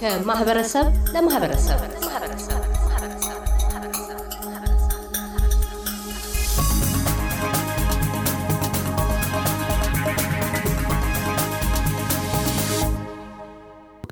ከማህበረሰብ ለማህበረሰብ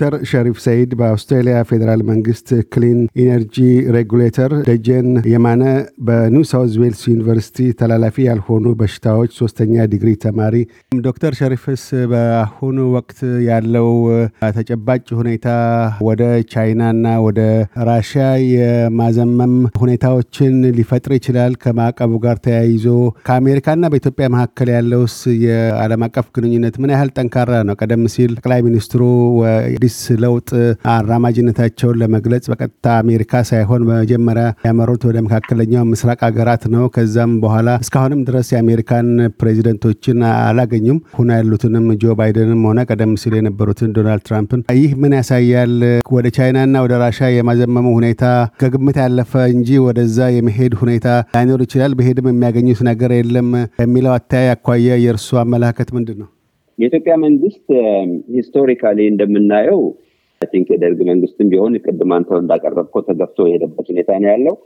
ዶክተር ሸሪፍ ሰይድ በአውስትራሊያ ፌዴራል መንግስት ክሊን ኢነርጂ ሬጉሌተር፣ ደጀን የማነ በኒው ሳውዝ ዌልስ ዩኒቨርሲቲ ተላላፊ ያልሆኑ በሽታዎች ሶስተኛ ዲግሪ ተማሪ። ዶክተር ሸሪፍስ በአሁኑ ወቅት ያለው ተጨባጭ ሁኔታ ወደ ቻይናና ወደ ራሽያ የማዘመም ሁኔታዎችን ሊፈጥር ይችላል። ከማዕቀቡ ጋር ተያይዞ ከአሜሪካና በኢትዮጵያ መካከል ያለውስ የዓለም አቀፍ ግንኙነት ምን ያህል ጠንካራ ነው? ቀደም ሲል ጠቅላይ ሚኒስትሩ አዲስ ለውጥ አራማጅነታቸውን ለመግለጽ በቀጥታ አሜሪካ ሳይሆን በመጀመሪያ ያመሩት ወደ መካከለኛው ምስራቅ ሀገራት ነው። ከዛም በኋላ እስካሁንም ድረስ የአሜሪካን ፕሬዚደንቶችን አላገኙም። ሁን ያሉትንም ጆ ባይደንም ሆነ ቀደም ሲል የነበሩትን ዶናልድ ትራምፕን። ይህ ምን ያሳያል? ወደ ቻይናና ወደ ራሻ የማዘመሙ ሁኔታ ከግምት ያለፈ እንጂ ወደዛ የመሄድ ሁኔታ ላይኖር ይችላል። በሄድም የሚያገኙት ነገር የለም የሚለው አተያይ አኳያ የእርሱ አመለካከት ምንድን ነው? የኢትዮጵያ መንግስት ሂስቶሪካሊ እንደምናየው ቲንክ የደርግ መንግስትም ቢሆን ቅድም አንተው እንዳቀረብከው ተገፍቶ የሄደበት ሁኔታ ነው ያለው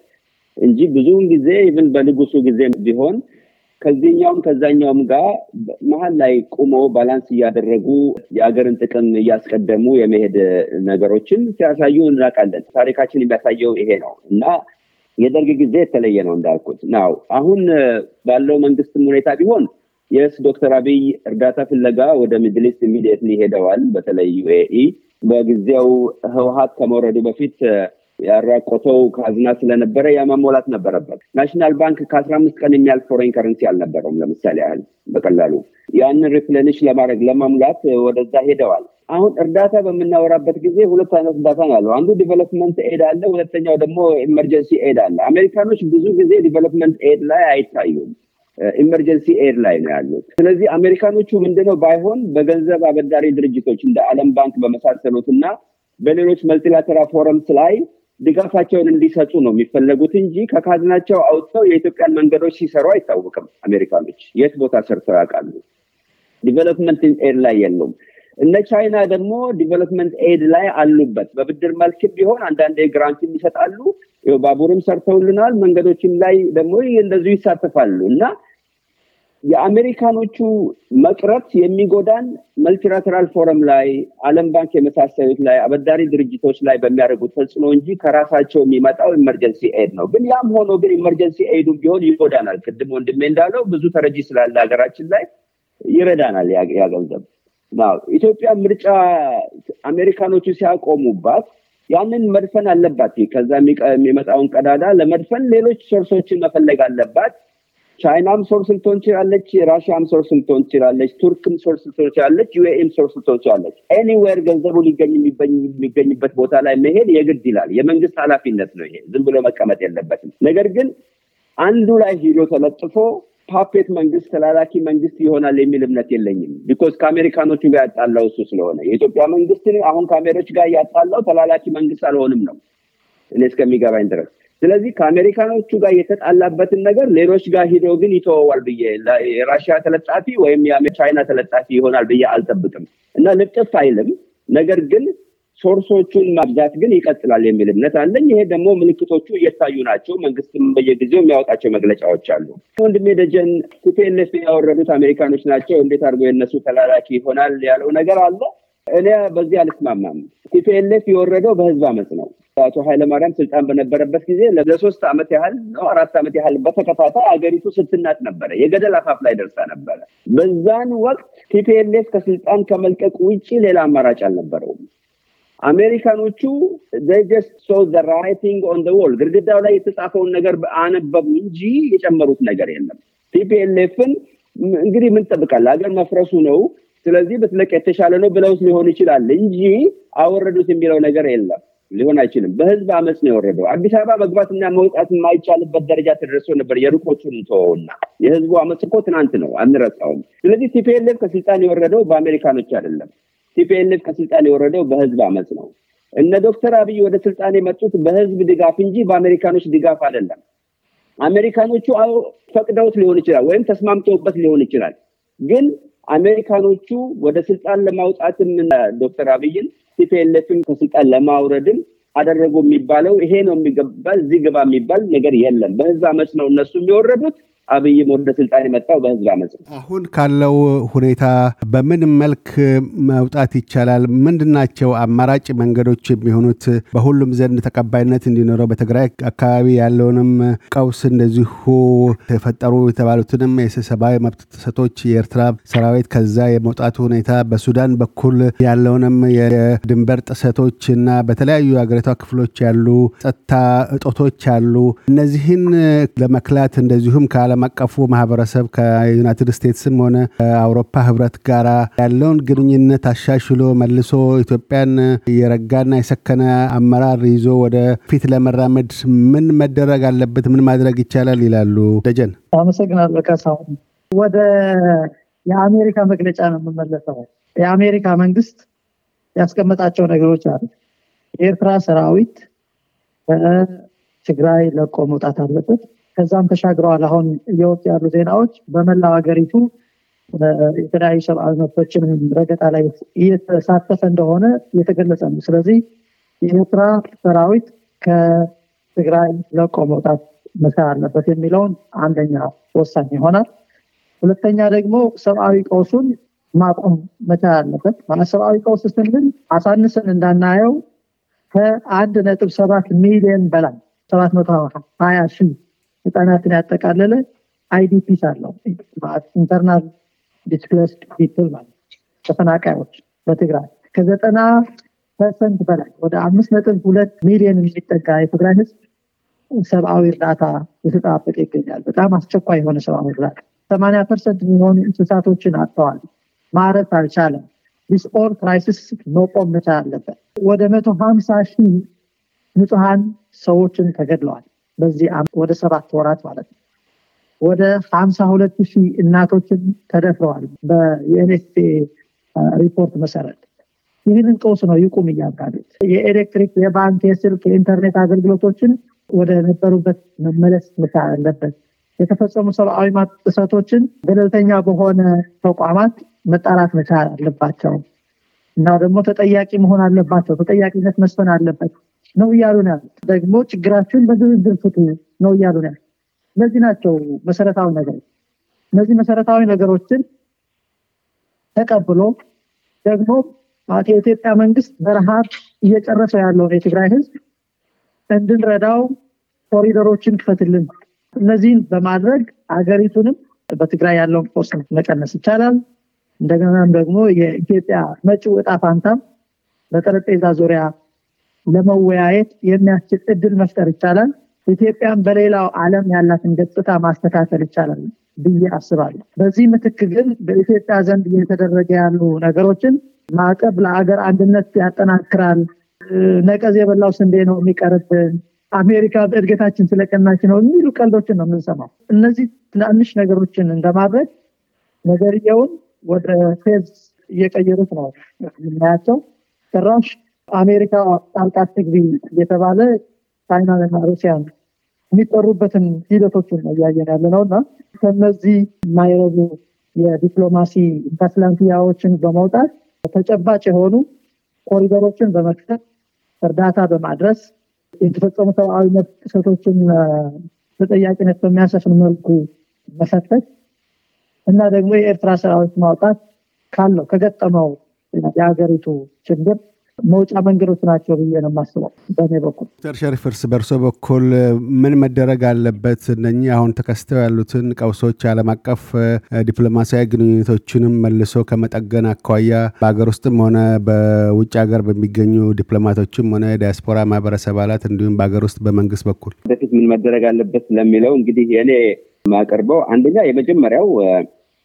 እንጂ ብዙውን ጊዜ ኢቭን በንጉሱ ጊዜ ቢሆን ከዚህኛውም ከዛኛውም ጋር መሀል ላይ ቁሞ ባላንስ እያደረጉ የሀገርን ጥቅም እያስቀደሙ የመሄድ ነገሮችን ሲያሳዩ እናውቃለን። ታሪካችን የሚያሳየው ይሄ ነው እና የደርግ ጊዜ የተለየ ነው እንዳልኩት ናው አሁን ባለው መንግስትም ሁኔታ ቢሆን የስ ዶክተር አብይ እርዳታ ፍለጋ ወደ ሚድሊስት ኢሚዲየትሊ ሄደዋል። በተለይ ዩኤኢ በጊዜው ህወሀት ከመውረዱ በፊት ያራቆተው ካዝና ስለነበረ ያማሞላት ነበረበት። ናሽናል ባንክ ከአስራ አምስት ቀን የሚያል ፎሬን ከረንሲ አልነበረውም። ለምሳሌ ያህል በቀላሉ ያንን ሪፕለንሽ ለማድረግ ለማሙላት ወደዛ ሄደዋል። አሁን እርዳታ በምናወራበት ጊዜ ሁለት አይነት እርዳታ ነው ያለው። አንዱ ዲቨሎፕመንት ኤድ አለ፣ ሁለተኛው ደግሞ ኤመርጀንሲ ኤድ አለ። አሜሪካኖች ብዙ ጊዜ ዲቨሎፕመንት ኤድ ላይ አይታዩም። ኢመርጀንሲ ኤድ ላይ ነው ያሉት። ስለዚህ አሜሪካኖቹ ምንድነው ባይሆን በገንዘብ አበዳሪ ድርጅቶች እንደ ዓለም ባንክ በመሳሰሉት እና በሌሎች መልቲላተራል ፎረምስ ላይ ድጋፋቸውን እንዲሰጡ ነው የሚፈለጉት እንጂ ከካዝናቸው አውጥተው የኢትዮጵያን መንገዶች ሲሰሩ አይታወቅም። አሜሪካኖች የት ቦታ ሰርተው ያውቃሉ? ዲቨሎፕመንት ኤድ ላይ የሉም። እነ ቻይና ደግሞ ዲቨሎፕመንት ኤድ ላይ አሉበት። በብድር መልክ ቢሆን አንዳንዴ ግራንት ይሰጣሉ። ባቡርም ሰርተውልናል። መንገዶችም ላይ ደግሞ እንደዚሁ ይሳተፋሉ እና የአሜሪካኖቹ መቅረት የሚጎዳን መልቲላተራል ፎረም ላይ አለም ባንክ የመሳሰሉት ላይ አበዳሪ ድርጅቶች ላይ በሚያደርጉት ተጽዕኖ እንጂ ከራሳቸው የሚመጣው ኢመርጀንሲ ኤድ ነው። ግን ያም ሆኖ ግን ኢመርጀንሲ ኤዱ ቢሆን ይጎዳናል። ቅድም ወንድሜ እንዳለው ብዙ ተረጂ ስላለ ሀገራችን ላይ ይረዳናል ያገንዘብ ኢትዮጵያ ምርጫ አሜሪካኖቹ ሲያቆሙባት ያንን መድፈን አለባት። ከዛ የሚመጣውን ቀዳዳ ለመድፈን ሌሎች ሶርሶችን መፈለግ አለባት። ቻይናም ሶርስ ልትሆን ትችላለች፣ ራሽያም ሶርስ ልትሆን ትችላለች፣ ቱርክም ሶርስ ልትሆን ትችላለች፣ ዩኤም ሶርስ ልትሆን ትችላለች። ኤኒዌር ገንዘቡ ሊገኝ የሚገኝበት ቦታ ላይ መሄድ የግድ ይላል። የመንግስት ኃላፊነት ነው ይሄ፣ ዝም ብሎ መቀመጥ የለበትም። ነገር ግን አንዱ ላይ ሂዶ ተለጥፎ ፓፔት መንግስት ተላላኪ መንግስት ይሆናል የሚል እምነት የለኝም። ቢኮዝ ከአሜሪካኖቹ ጋር ያጣላው እሱ ስለሆነ የኢትዮጵያ መንግስት አሁን ከአሜሪካኖች ጋር ያጣላው ተላላኪ መንግስት አልሆንም ነው እኔ እስከሚገባኝ ድረስ። ስለዚህ ከአሜሪካኖቹ ጋር የተጣላበትን ነገር ሌሎች ጋር ሂዶ ግን ይተወዋል ብዬ የራሽያ ተለጣፊ ወይም የቻይና ተለጣፊ ይሆናል ብዬ አልጠብቅም እና ልጥፍ አይልም። ነገር ግን ሶርሶቹን ማብዛት ግን ይቀጥላል የሚል እምነት አለኝ። ይሄ ደግሞ ምልክቶቹ እየታዩ ናቸው። መንግስትም በየጊዜው የሚያወጣቸው መግለጫዎች አሉ። ወንድሜ ደጀን ቲፒኤልኤፍ ያወረዱት አሜሪካኖች ናቸው፣ እንዴት አድርጎ የነሱ ተላላኪ ይሆናል ያለው ነገር አለ። እኔ በዚህ አልስማማም። ቲፒኤልኤፍ የወረደው በህዝብ አመት ነው። አቶ ኃይለማርያም ስልጣን በነበረበት ጊዜ ለሶስት ዓመት ያህል ነው አራት ዓመት ያህል በተከታታይ አገሪቱ ስትናጥ ነበረ። የገደል አፋፍ ላይ ደርሳ ነበረ። በዛን ወቅት ቲፒኤልኤፍ ከስልጣን ከመልቀቅ ውጭ ሌላ አማራጭ አልነበረውም። አሜሪካኖቹ ጀስት ሶ ራይቲንግ ኦን ወል ግድግዳው ላይ የተጻፈውን ነገር አነበቡ እንጂ የጨመሩት ነገር የለም። ቲፒኤልኤፍን እንግዲህ ምን ጠብቃል? ሀገር መፍረሱ ነው። ስለዚህ በትለቅ የተሻለ ነው ብለውስ ሊሆን ይችላል እንጂ አወረዱት የሚለው ነገር የለም። ሊሆን አይችልም። በህዝብ አመፅ ነው የወረደው። አዲስ አበባ መግባትና መውጣት የማይቻልበት ደረጃ ተደርሶ ነበር። የሩቆቹን ተወውና የህዝቡ አመፅ እኮ ትናንት ነው፣ አንረሳውም። ስለዚህ ቲፒኤልኤፍ ከስልጣን የወረደው በአሜሪካኖች አይደለም። ቲፒኤልኤፍ ከስልጣን የወረደው በህዝብ አመፅ ነው። እነ ዶክተር አብይ ወደ ስልጣን የመጡት በህዝብ ድጋፍ እንጂ በአሜሪካኖች ድጋፍ አይደለም። አሜሪካኖቹ ፈቅደውት ሊሆን ይችላል ወይም ተስማምተውበት ሊሆን ይችላል። ግን አሜሪካኖቹ ወደ ስልጣን ለማውጣትም ዶክተር አብይን ቲፒኤልኤፍን ከስልጣን ለማውረድም አደረጉ የሚባለው ይሄ ነው የሚገባ እዚህ ግባ የሚባል ነገር የለም። በህዝብ አመፅ ነው እነሱ የሚወረዱት። አብይም ወደ ስልጣን የመጣው በህዝብ አመፅ ነው። አሁን ካለው ሁኔታ በምን መልክ መውጣት ይቻላል? ምንድናቸው አማራጭ መንገዶች የሚሆኑት? በሁሉም ዘንድ ተቀባይነት እንዲኖረው በትግራይ አካባቢ ያለውንም ቀውስ እንደዚሁ ተፈጠሩ የተባሉትንም የሰብአዊ መብት ጥሰቶች፣ የኤርትራ ሰራዊት ከዛ የመውጣቱ ሁኔታ፣ በሱዳን በኩል ያለውንም የድንበር ጥሰቶች እና በተለያዩ ሀገሪቷ ክፍሎች ያሉ ጸጥታ እጦቶች አሉ። እነዚህን ለመክላት እንደዚሁም ካለ ዓለም አቀፉ ማህበረሰብ ከዩናይትድ ስቴትስም ሆነ አውሮፓ ህብረት ጋር ያለውን ግንኙነት አሻሽሎ መልሶ ኢትዮጵያን የረጋና የሰከነ አመራር ይዞ ወደ ፊት ለመራመድ ምን መደረግ አለበት? ምን ማድረግ ይቻላል? ይላሉ ደጀን። አመሰግናለሁ ካሳሁን። ወደ የአሜሪካ መግለጫ ነው የምመለሰው። የአሜሪካ መንግስት ያስቀመጣቸው ነገሮች አሉ። የኤርትራ ሰራዊት በትግራይ ለቆ መውጣት አለበት። ከዛም ተሻግረዋል። አሁን እየወጡ ያሉ ዜናዎች በመላው ሀገሪቱ የተለያዩ ሰብአዊ መብቶችን ረገጣ ላይ እየተሳተፈ እንደሆነ እየተገለጸ ነው። ስለዚህ የኤርትራ ሰራዊት ከትግራይ ለቆ መውጣት መሰር አለበት የሚለውን አንደኛ ወሳኝ ይሆናል። ሁለተኛ ደግሞ ሰብአዊ ቀውሱን ማቆም መቻል አለበት። ሰብአዊ ቀውስ ስንል አሳንስን እንዳናየው ከአንድ ነጥብ ሰባት ሚሊዮን በላይ ሰባት መቶ ሀያ ሺህ ህጻናትን ያጠቃለለ አይዲፒስ አለው ኢንተርናል ዲስፕሌስድ ፒፕል ማለት ተፈናቃዮች በትግራይ ከዘጠና ፐርሰንት በላይ ወደ አምስት ነጥብ ሁለት ሚሊዮን የሚጠጋ የትግራይ ህዝብ ሰብአዊ እርዳታ የተጠባበቀ ይገኛል። በጣም አስቸኳይ የሆነ ሰብአዊ እርዳታ ሰማኒያ ፐርሰንት የሚሆኑ እንስሳቶችን አጥተዋል። ማረፍ አልቻለም። ዲስኦር ክራይሲስ መቆም መቻል አለበት። ወደ መቶ ሀምሳ ሺህ ንጹሀን ሰዎችን ተገድለዋል። በዚህ ወደ ሰባት ወራት ማለት ነው ወደ ሀምሳ ሁለት ሺህ እናቶችን ተደፍረዋል በዩኤንኤፍፒኤ ሪፖርት መሰረት ይህንን ቀውስ ነው ይቁም እያጋሉት የኤሌክትሪክ የባንክ የስልክ የኢንተርኔት አገልግሎቶችን ወደ ነበሩበት መመለስ ምሳ አለበት የተፈጸሙ ሰብአዊ ጥሰቶችን ገለልተኛ በሆነ ተቋማት መጣራት መቻል አለባቸው እና ደግሞ ተጠያቂ መሆን አለባቸው ተጠያቂነት መስፈን አለበት ነው እያሉ ነው ያሉት። ደግሞ ችግራችሁን በድርድር ፍቱ ነው እያሉ ነው ያሉት። እነዚህ ናቸው መሰረታዊ ነገሮች። እነዚህ መሰረታዊ ነገሮችን ተቀብሎ ደግሞ የኢትዮጵያ መንግስት በረሃብ እየጨረሰ ያለውን የትግራይ ህዝብ እንድንረዳው ኮሪደሮችን ክፈትልን። እነዚህን በማድረግ አገሪቱንም በትግራይ ያለውን ፎርስ መቀነስ ይቻላል። እንደገናም ደግሞ የኢትዮጵያ መጪው እጣ ፋንታም በጠረጴዛ ዙሪያ ለመወያየት የሚያስችል እድል መፍጠር ይቻላል። ኢትዮጵያን በሌላው ዓለም ያላትን ገጽታ ማስተካከል ይቻላል ብዬ አስባለሁ። በዚህ ምትክ ግን በኢትዮጵያ ዘንድ እየተደረገ ያሉ ነገሮችን ማዕቀብ ለአገር አንድነት ያጠናክራል፣ ነቀዝ የበላው ስንዴ ነው የሚቀርብን፣ አሜሪካ በእድገታችን ስለቀናች ነው የሚሉ ቀልዶችን ነው የምንሰማው። እነዚህ ትናንሽ ነገሮችን እንደማድረግ ነገርየውን ወደ ፌዝ እየቀየሩት ነው የምናያቸው ጭራሽ አሜሪካ ጣልቃ ትግቢ እየተባለ ቻይናና ሩሲያ የሚጠሩበትን ሂደቶችን ነው እያየን ያለ ነው እና ከነዚህ ማይረቡ የዲፕሎማሲ ተስላንትያዎችን በመውጣት ተጨባጭ የሆኑ ኮሪደሮችን በመክፈት እርዳታ በማድረስ የተፈጸሙ ሰብአዊ መብት ጥሰቶችን ተጠያቂነት በሚያሰፍን መልኩ መፈተሽ እና ደግሞ የኤርትራ ሰራዊት ማውጣት ካለው ከገጠመው የሀገሪቱ ችግር መውጫ መንገዶች ናቸው ብዬ ነው የማስበው በእኔ በኩል። ዶክተር ሸሪፍ እርስ በእርሶ በኩል ምን መደረግ አለበት? እነኚህ አሁን ተከስተው ያሉትን ቀውሶች ዓለም አቀፍ ዲፕሎማሲያዊ ግንኙነቶችንም መልሶ ከመጠገን አኳያ በሀገር ውስጥም ሆነ በውጭ ሀገር በሚገኙ ዲፕሎማቶችም ሆነ ዲያስፖራ ማህበረሰብ አባላት እንዲሁም በሀገር ውስጥ በመንግስት በኩል በፊት ምን መደረግ አለበት ለሚለው እንግዲህ እኔ የማቀርበው አንደኛ የመጀመሪያው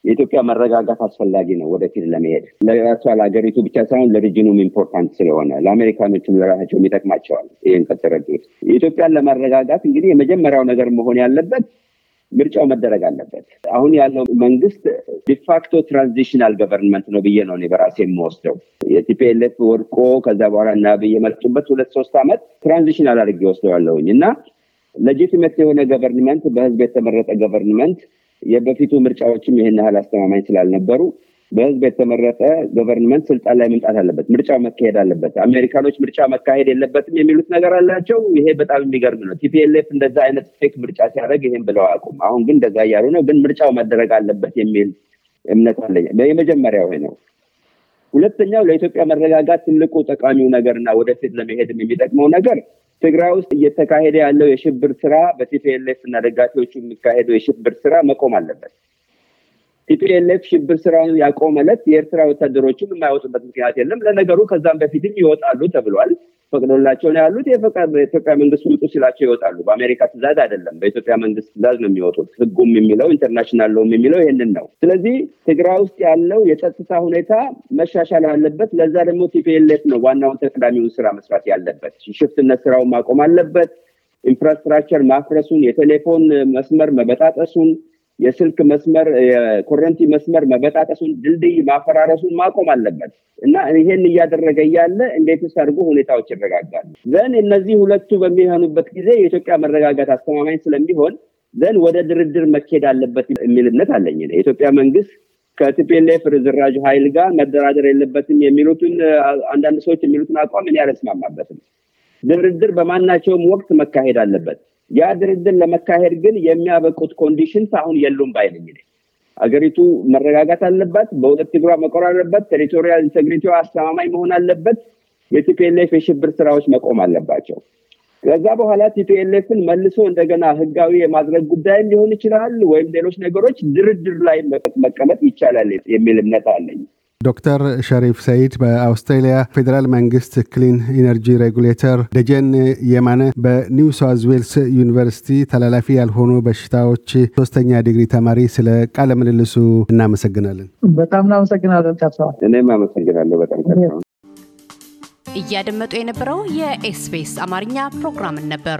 የኢትዮጵያ መረጋጋት አስፈላጊ ነው ወደፊት ለመሄድ ለራሷ ለሀገሪቱ ብቻ ሳይሆን ለሪጅኑም ኢምፖርታንት ስለሆነ ለአሜሪካኖችም ለራሳቸው ይጠቅማቸዋል። ይህን ከተረዱት ኢትዮጵያን ለመረጋጋት እንግዲህ የመጀመሪያው ነገር መሆን ያለበት ምርጫው መደረግ አለበት። አሁን ያለው መንግስት ዲፋክቶ ትራንዚሽናል ገቨርንመንት ነው ብዬ ነው በራሴ የምወስደው። የቲፒኤልኤፍ ወድቆ ከዛ በኋላ እና ብዬ መጡበት ሁለት ሶስት ዓመት ትራንዚሽናል አድርጌ ወስደዋለውኝ እና ሌጂቲሜት የሆነ ገቨርንመንት በህዝብ የተመረጠ ገቨርንመንት የበፊቱ ምርጫዎችም ይህን ያህል አስተማማኝ ስላልነበሩ በህዝብ የተመረጠ ገቨርንመንት ስልጣን ላይ መምጣት አለበት። ምርጫው መካሄድ አለበት። አሜሪካኖች ምርጫ መካሄድ የለበትም የሚሉት ነገር አላቸው። ይሄ በጣም የሚገርም ነው። ቲፒኤልኤፍ እንደዛ አይነት ፌክ ምርጫ ሲያደርግ ይህም ብለው አቁም። አሁን ግን እንደዛ እያሉ ነው። ግን ምርጫው መደረግ አለበት የሚል እምነት አለኝ። የመጀመሪያው ነው። ሁለተኛው ለኢትዮጵያ መረጋጋት ትልቁ ጠቃሚው ነገርና ወደፊት ለመሄድም የሚጠቅመው ነገር ትግራይ ውስጥ እየተካሄደ ያለው የሽብር ስራ በቲፒኤልኤፍ እና ደጋፊዎቹ የሚካሄደው የሽብር ስራ መቆም አለበት። ቲፒኤልኤፍ ሽብር ስራውን ያቆመለት የኤርትራ ወታደሮችም የማይወጡበት ምክንያት የለም። ለነገሩ ከዛም በፊትም ይወጣሉ ተብሏል። ፈቅዶላቸው ነው ያሉት። የኢትዮጵያ መንግስት ውጡ ሲላቸው ይወጣሉ። በአሜሪካ ትእዛዝ አይደለም፣ በኢትዮጵያ መንግስት ትእዛዝ ነው የሚወጡት። ህጉም የሚለው ኢንተርናሽናል ሎም የሚለው ይህንን ነው። ስለዚህ ትግራይ ውስጥ ያለው የጸጥታ ሁኔታ መሻሻል አለበት። ለዛ ደግሞ ቲፒኤልኤፍ ነው ዋናውን ተቀዳሚውን ስራ መስራት ያለበት። ሽፍትነት ስራውን ማቆም አለበት። ኢንፍራስትራክቸር ማፍረሱን፣ የቴሌፎን መስመር መበጣጠሱን የስልክ መስመር የኮረንቲ መስመር መበጣጠሱን፣ ድልድይ ማፈራረሱን ማቆም አለበት እና ይሄን እያደረገ እያለ እንዴትስ አድርጎ ሁኔታዎች ይረጋጋሉ? ዘን እነዚህ ሁለቱ በሚሆኑበት ጊዜ የኢትዮጵያ መረጋጋት አስተማማኝ ስለሚሆን ዘን ወደ ድርድር መካሄድ አለበት የሚልነት አለኝ። የኢትዮጵያ መንግስት ከቲፒኤልኤፍ ርዝራጅ ሀይል ጋር መደራደር የለበትም የሚሉትን አንዳንድ ሰዎች የሚሉትን አቋም እኔ አልስማማበትም። ድርድር በማናቸውም ወቅት መካሄድ አለበት። ያ ድርድር ለመካሄድ ግን የሚያበቁት ኮንዲሽንስ አሁን የሉም ባይል አገሪቱ መረጋጋት አለባት፣ በሁለት እግሯ መቆር አለበት ቴሪቶሪያል ኢንቴግሪቲ አስተማማኝ መሆን አለበት፣ የቲፒኤልኤፍ የሽብር ስራዎች መቆም አለባቸው። ከዛ በኋላ ቲፒኤልኤፍን መልሶ እንደገና ህጋዊ የማድረግ ጉዳይም ሊሆን ይችላል፣ ወይም ሌሎች ነገሮች ድርድር ላይ መቀመጥ ይቻላል የሚል እምነት አለኝ። ዶክተር ሸሪፍ ሰይድ በአውስትሬሊያ ፌዴራል መንግስት ክሊን ኢነርጂ ሬጉሌተር፣ ደጀን የማነ በኒው ሳውዝ ዌልስ ዩኒቨርሲቲ ተላላፊ ያልሆኑ በሽታዎች ሶስተኛ ዲግሪ ተማሪ፣ ስለ ቃለ ምልልሱ እናመሰግናለን። በጣም እናመሰግናለን ካሳሁን። እኔም አመሰግናለሁ በጣም እያደመጡ የነበረው የኤስቢኤስ አማርኛ ፕሮግራምን ነበር።